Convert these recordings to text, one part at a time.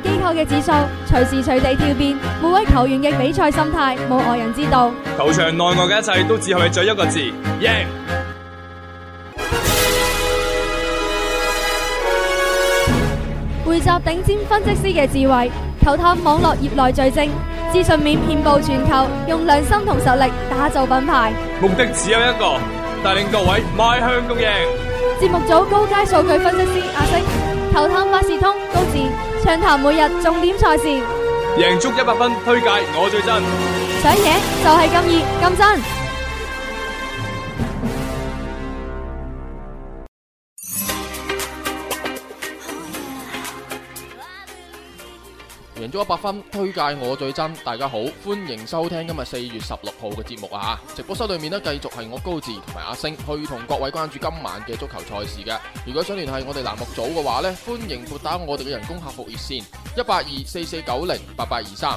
機構嘅指數隨時隨地跳變，每位球員嘅比賽心態冇外人知道。球場內外嘅一切都只係為咗一個字：贏。匯集頂尖分析師嘅智慧，球探網絡業內最精，資訊面遍布全球，用良心同實力打造品牌。目的只有一個，帶領各位邁向共贏。節目組高階數據分析師阿星，球探萬事通高智。暢談每日重點賽事，贏足 100FUN 推介，我最真，想贏就係咁熱咁真。贏足 100FUN，推介我最真。大家好，歡迎收聽今日四月十六號嘅節目啊！直播室裏面呢，繼續係我高志同埋阿星去同各位關注今晚嘅足球賽事嘅。如果想聯繫我哋欄目組嘅話呢，歡迎撥打我哋嘅人工客服熱線一八二四四九零八八二三。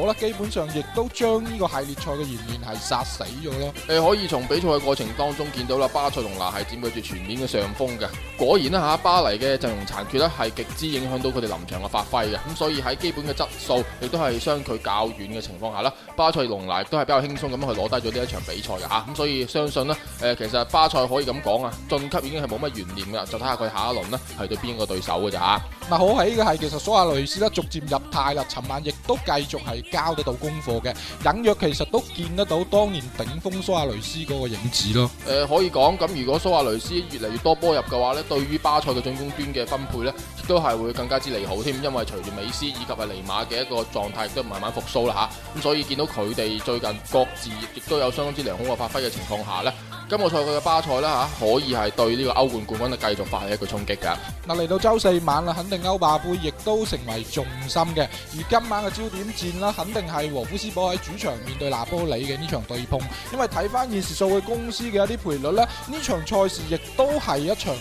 好啦，基本上亦都將呢個系列賽嘅懸念係殺死咗啦。誒、呃，可以從比賽嘅過程當中見到啦，巴塞隆拿係佔據住全面嘅上風嘅。果然啦，嚇巴黎嘅陣容殘缺咧，係極之影響到佢哋臨場嘅發揮嘅。咁所以喺基本嘅質素亦都係相距較遠嘅情況下啦，巴塞隆拿亦都係比較輕鬆咁去攞低咗呢一場比賽嘅嚇。咁所以相信呢，誒、呃、其實巴塞可以咁講啊，晉級已經係冇乜懸念噶啦，就睇下佢下一輪呢係對邊個對手嘅咋。嗱、啊，好喺嘅係其實蘇亞雷斯呢逐漸入替啦，尋晚亦都繼續係交得到功課嘅，隱約其實都見得到當年頂峰蘇亞雷斯嗰個影子咯。誒、呃，可以講咁，如果蘇亞雷斯越嚟越多波入嘅話咧，對於巴塞嘅進攻端嘅分配呢，亦都係會更加之利好添。因為隨住美斯以及係尼馬嘅一個狀態亦都慢慢復甦啦嚇，咁、啊、所以見到佢哋最近各自亦都有相當之良好嘅發揮嘅情況下呢。今個賽季嘅巴塞啦吓，可以係對呢個歐冠冠軍嘅繼續發起一個衝擊噶。嗱，嚟到周四晚啦，肯定歐霸盃亦都成為重心嘅。而今晚嘅焦點戰啦，肯定係和夫斯堡喺主場面對拿波里嘅呢場對碰。因為睇翻現時數據公司嘅一啲賠率呢，呢場賽事亦都係一場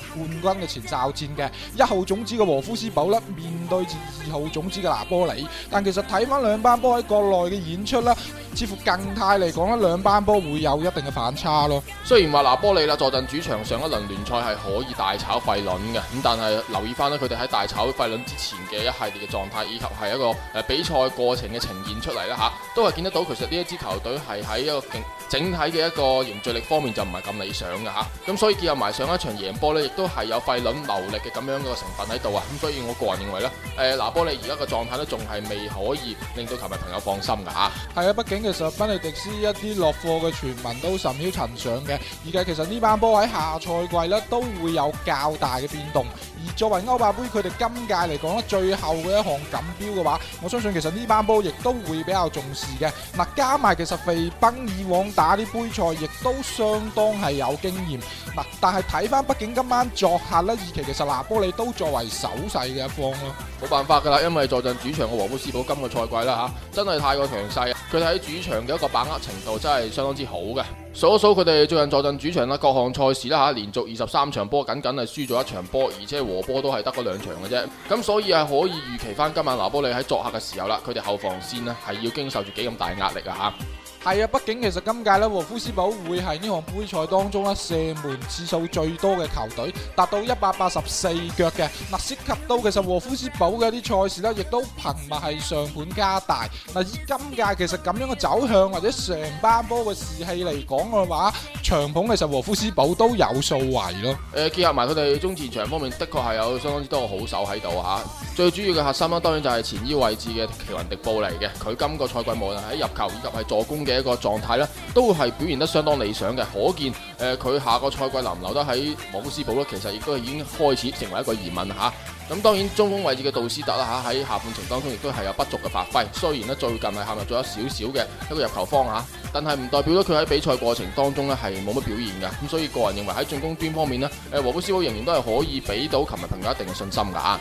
冠軍嘅前哨戰嘅。一號種子嘅和夫斯堡啦，面對住二號種子嘅拿波里，但其實睇翻兩班波喺國內嘅演出啦。似乎更態嚟講咧，兩班波會有一定嘅反差咯。雖然話拿波利啦坐陣主場上一輪聯賽係可以大炒費倫嘅，咁但係留意翻咧，佢哋喺大炒費倫之前嘅一系列嘅狀態，以及係一個誒比賽過程嘅呈現出嚟咧嚇，都係見得到其實呢一支球隊係喺一個整整體嘅一個凝聚力方面就唔係咁理想嘅嚇。咁所以結合埋上一場贏波呢，亦都係有費倫流力嘅咁樣嘅成分喺度啊。咁所以，我個人認為呢，誒拿波利而家嘅狀態咧，仲係未可以令到球迷朋友放心嘅嚇。係啊，畢竟。其實賓尼迪斯一啲落貨嘅傳聞都甚囂塵上嘅，而家其實這班在呢班波喺下賽季咧都會有較大嘅變動。而作為歐霸杯他們，佢哋今屆嚟講咧最後嘅一項錦標嘅話，我相信其實呢班波亦都會比較重視嘅。嗱，加埋其實肥賓以往打啲杯賽亦都相當係有經驗。嗱，但係睇返，畢竟今晚作客呢，二期其，其實拿波利都作為守勢嘅一方咯，冇辦法㗎喇，因為坐陣主場嘅禾夫斯堡今個賽季啦吓、啊，真係太過強勢。佢哋喺主場嘅一個把握程度真係相當之好嘅，數一數佢哋最近坐鎮主場啦，各項賽事啦吓，連續二十三場波，僅僅係輸咗一場波，而且和波都係得嗰兩場嘅啫，咁所以係可以預期翻今晚拿波利喺作客嘅時候啦，佢哋後防線呢，係要經受住幾咁大壓力㗎。吓。係啊，畢竟其實今屆咧，禾夫斯堡會係呢項杯賽當中咧射門次數最多嘅球隊，達到一百八十四腳嘅。嗱，涉及到其實禾夫斯堡嘅一啲賽事咧，亦都頻密係上盤加大。嗱，以今屆其實咁樣嘅走向或者成班波嘅士氣嚟講嘅話，長捧其實禾夫斯堡都有數為咯。誒，結合埋佢哋中前場方面的確係有相當之多好手喺度吓。最主要嘅核心啦，當然就係前腰位置嘅奇雲迪布嚟嘅。佢今個賽季無論喺入球以及係助攻，嘅一個狀態咧，都係表現得相當理想嘅，可見誒佢，呃、下個賽季能否留得喺禾夫斯堡咧，其實亦都已經開始成為一個疑問吓。咁，啊，當然中鋒位置嘅杜斯特啦吓，喺，啊、下半程當中亦都係有不足嘅發揮，雖然咧最近係陷入咗少少嘅一個入球荒，吓、啊，但係唔代表咗佢喺比賽過程當中咧係冇乜表現嘅。咁所以個人認為喺進攻端方面咧，誒，禾夫斯堡仍然都係可以俾到球迷朋友一定嘅信心噶。啊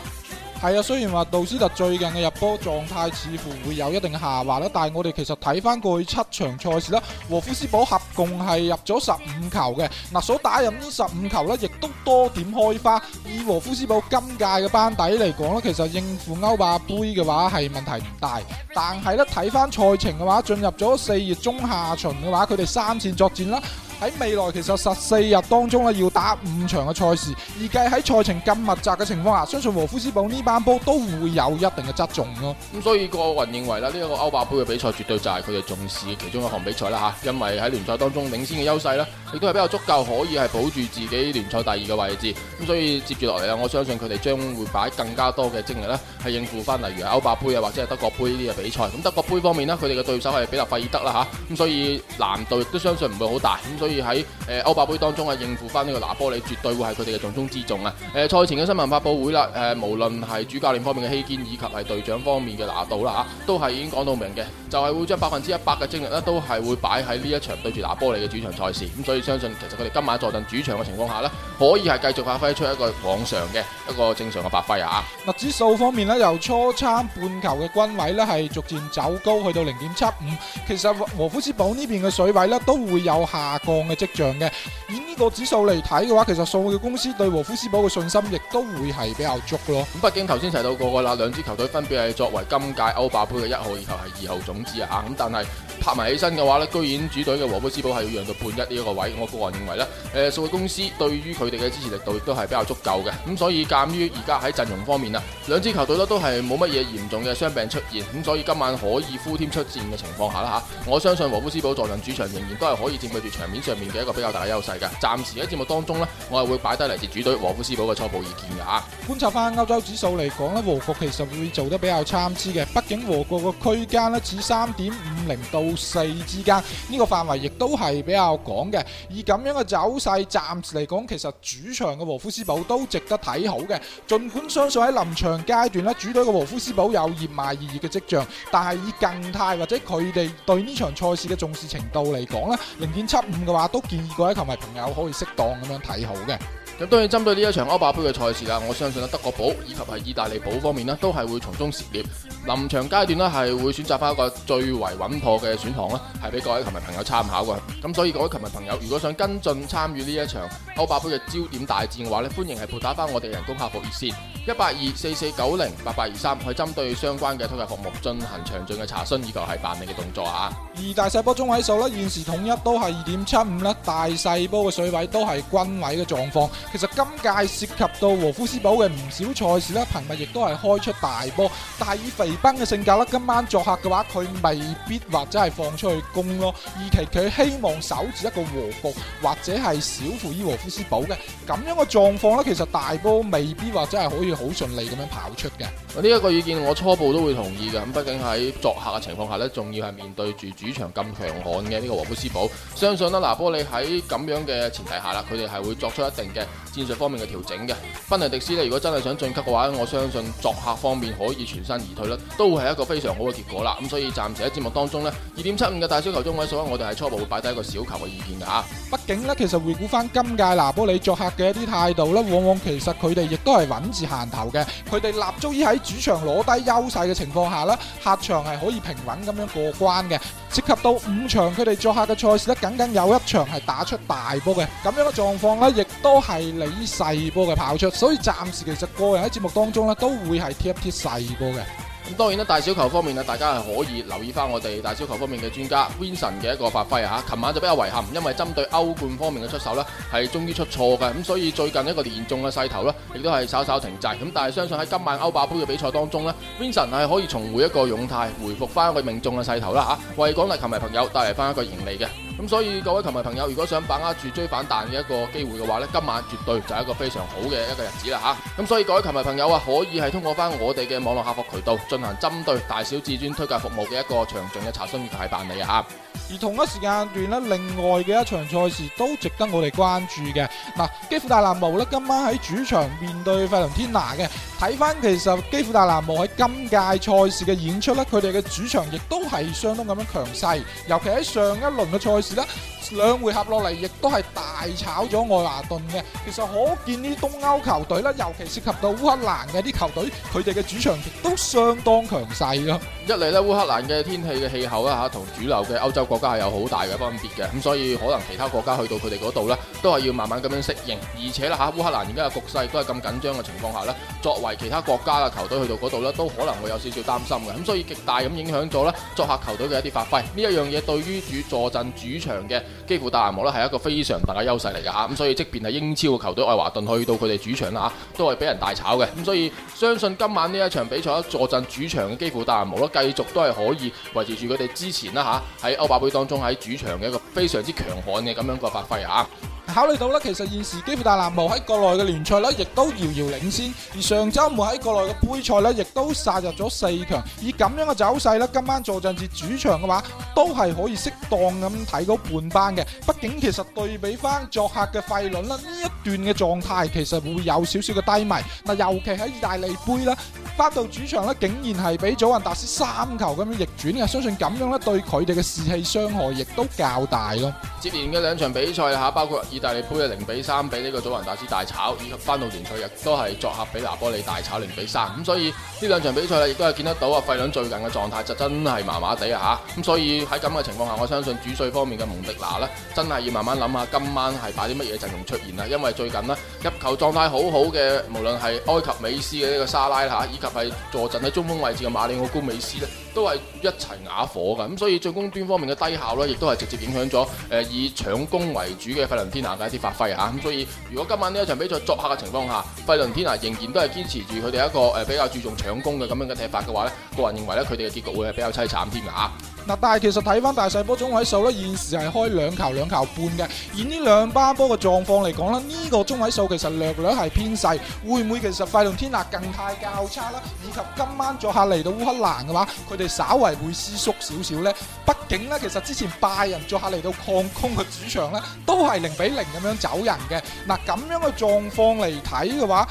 係啊，雖然話杜斯特最近嘅入波狀態似乎會有一定下滑啦，但係我哋其實睇翻過去七場賽事啦，和夫斯堡合共係入咗十五球嘅嗱，所打入呢十五球呢亦都多點開花。以和夫斯堡今屆嘅班底嚟講呢，其實應付歐霸杯嘅話係問題唔大，但係呢，睇翻賽程嘅話，進入咗四月中下旬嘅話，佢哋三線作戰啦。喺未來其實十四日當中咧，要打五場嘅賽事，而計喺賽程咁密集嘅情況下，相信禾夫斯堡呢班波都會有一定嘅側重咯。咁、嗯、所以個人認為啦，呢、這、一個歐霸盃嘅比賽絕對就係佢哋重視嘅其中一項比賽啦吓、啊，因為喺聯賽當中領先嘅優勢咧，亦、啊、都係比較足夠可以係保住自己聯賽第二嘅位置。咁、啊、所以接住落嚟，啊，我相信佢哋將會擺更加多嘅精力呢係應付翻例如係歐霸盃啊或者係德國盃呢啲比賽。咁、啊、德國盃方面呢，佢哋嘅對手係比勒費爾德啦吓，咁、啊啊、所以難度亦都相信唔會好大。咁、啊、所以所以喺誒歐霸杯當中啊，應付翻呢個拿波里絕對會係佢哋嘅重中之重啊！誒、呃、賽前嘅新聞發佈會啦，誒、呃、無論係主教練方面嘅希堅，以及係隊長方面嘅拿度啦嚇、啊，都係已經講到明嘅，就係、是、會將百分之一百嘅精力咧，都係會擺喺呢一場對住拿波里嘅主場賽事。咁所以相信其實佢哋今晚坐鎮主場嘅情況下咧，可以係繼續發揮出一個往常嘅一個正常嘅發揮啊！嗱，指數方面咧，由初參半球嘅均位呢，係逐漸走高去到零點七五。其實和夫斯堡呢邊嘅水位呢，都會有下降。嘅跡象嘅，以呢個指數嚟睇嘅話，其實數據公司對沃夫斯堡嘅信心亦都會係比較足咯。咁，畢竟頭先提到過啦，兩支球隊分別係作為今屆歐霸杯嘅一號、以及係二號種子啊，咁但係。拍埋起身嘅話呢，居然主隊嘅和夫斯堡係要讓到半一呢一個位，我個人認為呢，誒，數據公司對於佢哋嘅支持力度亦都係比較足夠嘅。咁、嗯、所以，鑑於而家喺陣容方面啊，兩支球隊咧都係冇乜嘢嚴重嘅傷病出現，咁、嗯、所以今晚可以呼添出戰嘅情況下啦嚇、啊，我相信和夫斯堡坐陣主場仍然都係可以佔據住場面上面嘅一個比較大嘅優勢嘅。暫時喺節目當中呢，我係會擺低嚟自主隊和夫斯堡嘅初步意見嘅嚇。啊、觀察翻歐洲指數嚟講咧，和局其實會做得比較參差嘅，畢竟和局個區間咧只三點五零到四之間呢個範圍亦都係比較廣嘅，以咁樣嘅走勢，暫時嚟講，其實主場嘅和夫斯堡都值得睇好嘅。盡管相信喺臨場階段呢，主隊嘅和夫斯堡有熱賣熱熱嘅跡象，但係以近態或者佢哋對呢場賽事嘅重視程度嚟講，零點七五嘅話，都建議各位球迷朋友可以適當咁樣睇好嘅。咁當然針對呢一場歐霸杯嘅賽事啦，我相信呢，德國寶以及係意大利寶方面呢，都係會從中涉獵。臨場階段呢，係會選擇翻一個最為穩妥嘅選項呢，係俾各位球迷朋友參考嘅。咁所以各位球迷朋友，如果想跟進參與呢一場歐霸杯嘅焦點大戰嘅話呢，歡迎係撥打翻我哋人工客服熱線。一八二四四九零八八二三去針對相關嘅推介項目進行詳盡嘅查詢，以及係辦理嘅動作啊！而大細波中位數呢現時統一都係二點七五啦，大細波嘅水位都係均位嘅狀況。其實今屆涉及到和夫斯堡嘅唔少賽事呢頻密亦都係開出大波。但以肥賓嘅性格呢，今晚作客嘅話，佢未必或者係放出去攻咯，而其佢希望守住一個和局，或者係小負於和夫斯堡嘅咁樣嘅狀況呢，其實大波未必或者係可以。好順利咁樣跑出嘅，呢一個意見，我初步都會同意嘅。咁畢竟喺作客嘅情況下咧，仲要係面對住主場咁強悍嘅呢、呢個禾夫斯堡，相信啦，拿波利喺咁樣嘅前提下啦，佢哋係會作出一定嘅。戰術方面嘅調整嘅，賓尼迪斯咧如果真係想晉級嘅話，我相信作客方面可以全身而退啦，都係一個非常好嘅結果啦。咁所以暫時喺節目當中呢二點七五嘅大小球中位所以我哋係初步會擺低一個小球嘅意見嘅吓。畢竟呢，其實回顧翻今屆拿波里作客嘅一啲態度咧，往往其實佢哋亦都係穩住閒頭嘅，佢哋立足於喺主場攞低優勢嘅情況下啦，客場係可以平穩咁樣過關嘅。涉及到五場佢哋作客嘅賽事呢，僅僅有一場係打出大波嘅，咁樣嘅狀況呢亦都係嚟於細波嘅跑出，所以暫時其實個人喺節目當中呢都會係踢一踢細波嘅。咁當然咧，大小球方面啊，大家係可以留意翻我哋大小球方面嘅專家 Vincent 嘅一個發揮啊！嚇，琴晚就比較遺憾，因為針對歐冠方面嘅出手呢係終於出錯嘅，咁所以最近一個連中嘅勢頭呢亦都係稍稍停滯。咁但係相信喺今晚歐霸杯嘅比賽當中呢，Vincent 係可以重回一個勇態，回復翻一個命中嘅勢頭啦！嚇，為廣大球迷朋友帶嚟翻一個盈利嘅。咁所以各位球迷朋友，如果想把握住追反彈嘅一個機會嘅話咧，今晚絕對就係一個非常好嘅一個日子啦吓！咁所以各位球迷朋友啊，可以係通過翻我哋嘅網絡客服渠道進行針對大小至尊推介服務嘅一個詳盡嘅查詢同埋辦理啊！而同一時間段咧，另外嘅一場賽事都值得我哋關注嘅嗱，基輔大藍毛咧今晚喺主場面對費倫天拿嘅。睇翻其實基輔大藍毛喺今屆賽事嘅演出咧，佢哋嘅主場亦都係相當咁樣強勢，尤其喺上一輪嘅賽事。啦，兩回合落嚟亦都係大炒咗愛華頓嘅。其實可見呢啲東歐球隊啦，尤其是涉及到烏克蘭嘅啲球隊，佢哋嘅主場亦都相當強勢咯。一嚟呢，烏克蘭嘅天氣嘅氣候啦嚇，同主流嘅歐洲國家係有好大嘅分別嘅。咁所以可能其他國家去到佢哋嗰度呢，都係要慢慢咁樣適應。而且啦嚇，烏克蘭而家嘅局勢都係咁緊張嘅情況下呢，作為其他國家嘅球隊去到嗰度呢，都可能會有少少擔心嘅。咁所以極大咁影響咗呢作客球隊嘅一啲發揮。呢一樣嘢對於主坐鎮主場嘅基輔戴拿模咧，係一個非常大嘅優勢嚟噶吓，咁所以即便係英超嘅球隊愛華頓去到佢哋主場啦吓，都係俾人大炒嘅，咁所以相信今晚呢一場比賽坐鎮主場嘅基輔戴拿模咧，繼續都係可以維持住佢哋之前啦吓，喺歐霸盃當中喺主場嘅一個非常之強悍嘅咁樣個發揮啊。考慮到咧，其實現時基輔大藍帽喺國內嘅聯賽咧，亦都遙遙領先；而上周末喺國內嘅杯賽咧，亦都殺入咗四強。以咁樣嘅走勢咧，今晚坐陣至主場嘅話，都係可以適當咁睇高半班嘅。畢竟其實對比翻作客嘅費倫咧呢這一段嘅狀態，其實會有少少嘅低迷。嗱，尤其喺意大利杯啦。翻到主場咧，竟然係俾祖雲達斯三球咁樣逆轉嘅，相信咁樣咧對佢哋嘅士氣傷害亦都較大咯。接連嘅兩場比賽嚇，包括意大利杯嘅零比三俾呢個祖雲達斯大炒，以及翻到聯賽亦都係作客俾拿波利大炒零比三。咁、嗯、所以呢兩場比賽咧，亦都係見得到啊費倫最近嘅狀態就真係麻麻地啊嚇。咁、嗯、所以喺咁嘅情況下，我相信主帥方面嘅蒙迪拿呢，真係要慢慢諗下今晚係擺啲乜嘢陣容出現啦。因為最近呢，入球狀態好好嘅，無論係埃及美斯嘅呢個沙拉嚇，以及係坐鎮喺中鋒位置嘅馬里奧高美斯咧，都係一齊啞火噶，咁所以進攻端方面嘅低效呢，亦都係直接影響咗誒以搶攻為主嘅費倫天拿嘅一啲發揮啊，咁所以如果今晚呢一場比賽作客嘅情況下，費倫天拿仍然都係堅持住佢哋一個誒比較注重搶攻嘅咁樣嘅踢法嘅話咧，個人認為呢，佢哋嘅結局會係比較淒慘添啊。嗱，但係其實睇翻大細波中位數咧，現時係開兩球兩球半嘅。以呢兩班波嘅狀況嚟講咧，呢、這個中位數其實略略係偏細，會唔會其實費倫天拿更態較差咧？以及今晚作客嚟到烏克蘭嘅話，佢哋稍為會收縮少少咧。畢竟呢，竟其實之前拜仁作客嚟到礦工嘅主場呢，都係零比零咁樣走人嘅。嗱，咁樣嘅狀況嚟睇嘅話。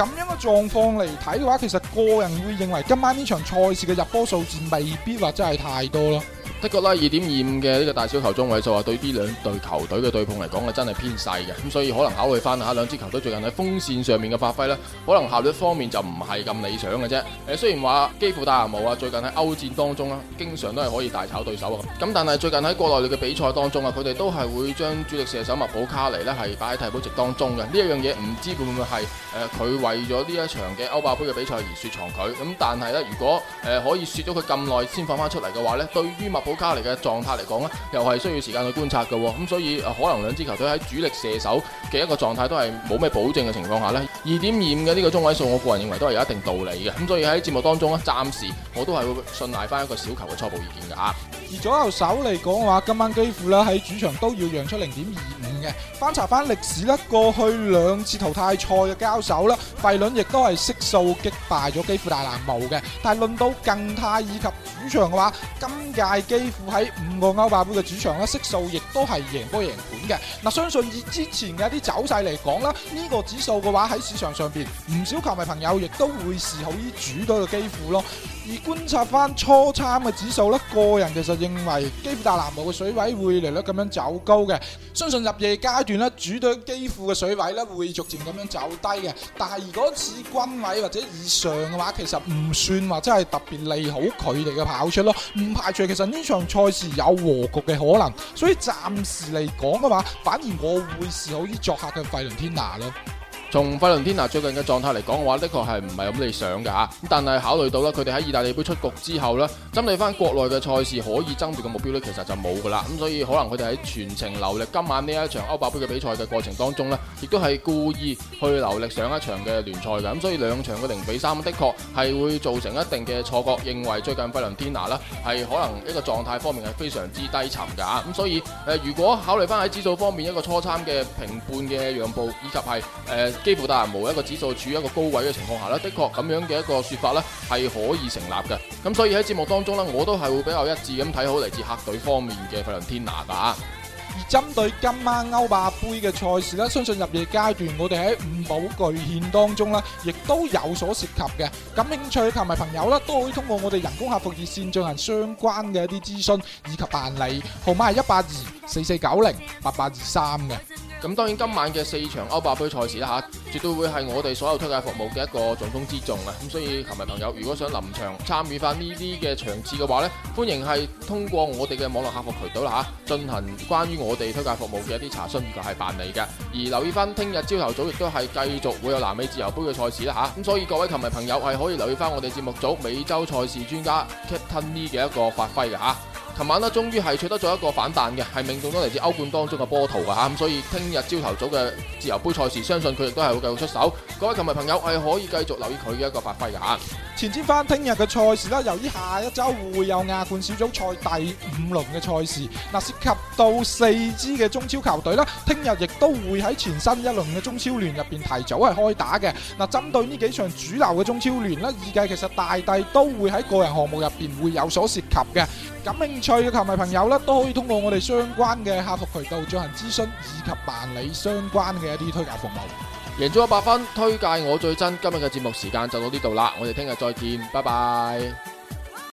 咁樣嘅狀況嚟睇嘅話，其實個人會認為今晚呢場賽事嘅入波數字未必話真係太多咯。的確啦，二點二五嘅呢個大小球中位數啊，對呢兩隊球隊嘅對碰嚟講啊，真係偏細嘅。咁所以可能考慮翻吓，兩支球隊最近喺鋒線上面嘅發揮咧，可能效率方面就唔係咁理想嘅啫。誒，雖然話基輔戴拿模啊，最近喺歐戰當中啦，經常都係可以大炒對手啊。咁但係最近喺國內嘅比賽當中啊，佢哋都係會將主力射手麥普卡尼呢係擺喺替補席當中嘅。呢一樣嘢唔知會唔會係誒佢為咗呢一場嘅歐霸杯嘅比賽而雪藏佢。咁但係呢，如果誒可以雪咗佢咁耐先放翻出嚟嘅話呢，對於保卡嚟嘅狀態嚟講咧，又係需要時間去觀察嘅，咁所以可能兩支球隊喺主力射手嘅一個狀態都係冇咩保證嘅情況下呢，二點二五嘅呢個中位數，我個人認為都係有一定道理嘅，咁所以喺節目當中咧，暫時我都係會信賴翻一個小球嘅初步意見嘅。而左右手嚟講話，今晚幾乎咧喺主場都要讓出零點二。翻查翻歷史啦，過去兩次淘汰賽嘅交手啦，費倫亦都係悉數擊敗咗基輔戴拿模嘅。但係論到近態以及主場嘅話，今屆基輔喺五個歐霸杯嘅主場呢，悉數亦都係贏波贏盤嘅。嗱，相信以之前嘅一啲走勢嚟講啦，呢個指數嘅話喺市場上邊，唔少球迷朋友亦都會睇好呢主隊嘅基輔咯。而觀察翻初參嘅指數呢個人其實認為基輔大藍帽嘅水位會略略咁樣走高嘅，相信入夜階段呢主隊基輔嘅水位呢會逐漸咁樣走低嘅。但係如果似均位或者以上嘅話，其實唔算話真係特別利好佢哋嘅跑出咯，唔排除其實呢場賽事有和局嘅可能。所以暫時嚟講嘅話，反而我會是好啲作客嘅費倫天拿咯。從費倫天拿最近嘅狀態嚟講嘅話，的確係唔係咁理想㗎吓。咁但係考慮到啦，佢哋喺意大利杯出局之後呢，針對翻國內嘅賽事可以爭奪嘅目標呢，其實就冇㗎啦。咁所以可能佢哋喺全程留力今晚呢一場歐霸杯嘅比賽嘅過程當中呢，亦都係故意去留力上一場嘅聯賽嘅。咁所以兩場嘅零比三，的確係會造成一定嘅錯覺，認為最近費倫天拿呢係可能一個狀態方面係非常之低沉㗎。咁所以誒、呃，如果考慮翻喺指數方面，一個初參嘅平半嘅讓步，以及係誒，呃幾乎大然無一個指數處於一個高位嘅情況下呢，的確咁樣嘅一個説法呢係可以成立嘅。咁所以喺節目當中呢，我都係會比較一致咁睇好嚟自客隊方面嘅費倫天拿噶。而針對今晚歐霸杯嘅賽事呢，相信入夜階段我哋喺五寶巨獻當中呢，亦都有所涉及嘅。感興趣嘅球迷朋友呢，都可以通過我哋人工客服熱線進行相關嘅一啲諮詢以及辦理，號碼係一八二四四九零八八二三嘅。咁當然今晚嘅四場歐霸杯賽事啦嚇，絕對會係我哋所有推介服務嘅一個重中之重啊！咁所以球迷朋友如果想臨場參與翻呢啲嘅場次嘅話呢，歡迎係通過我哋嘅網絡客服渠道啦嚇，進行關於我哋推介服務嘅一啲查詢同係辦理嘅。而留意翻聽日朝頭早亦都係繼續會有南美自由杯嘅賽事啦嚇，咁所以各位球迷朋友係可以留意翻我哋節目組美洲賽事專家 Captain Lee 嘅一個發揮嘅嚇。琴晚啦，終於係取得咗一個反彈嘅，係命中咗嚟自歐冠當中嘅波圖嘅嚇，咁所以聽日朝頭早嘅自由杯賽事，相信佢亦都係會繼續出手。各位球迷朋友係可以繼續留意佢嘅一個發揮嘅嚇。前瞻翻聽日嘅賽事啦，由於下一周會有亞冠小組賽第五輪嘅賽事，嗱涉及到四支嘅中超球隊啦，聽日亦都會喺前新一輪嘅中超聯入面提早係開打嘅。嗱，針對呢幾場主流嘅中超聯呢，預計其實大帝都會喺個人項目入面會有所涉及嘅，感興趣嘅球迷朋友咧，都可以通過我哋相關嘅客服渠道進行諮詢以及辦理相關嘅一啲推介服務。贏足 100FUN，推介我最真。今日嘅節目時間就到呢度啦，我哋聽日再見，拜拜。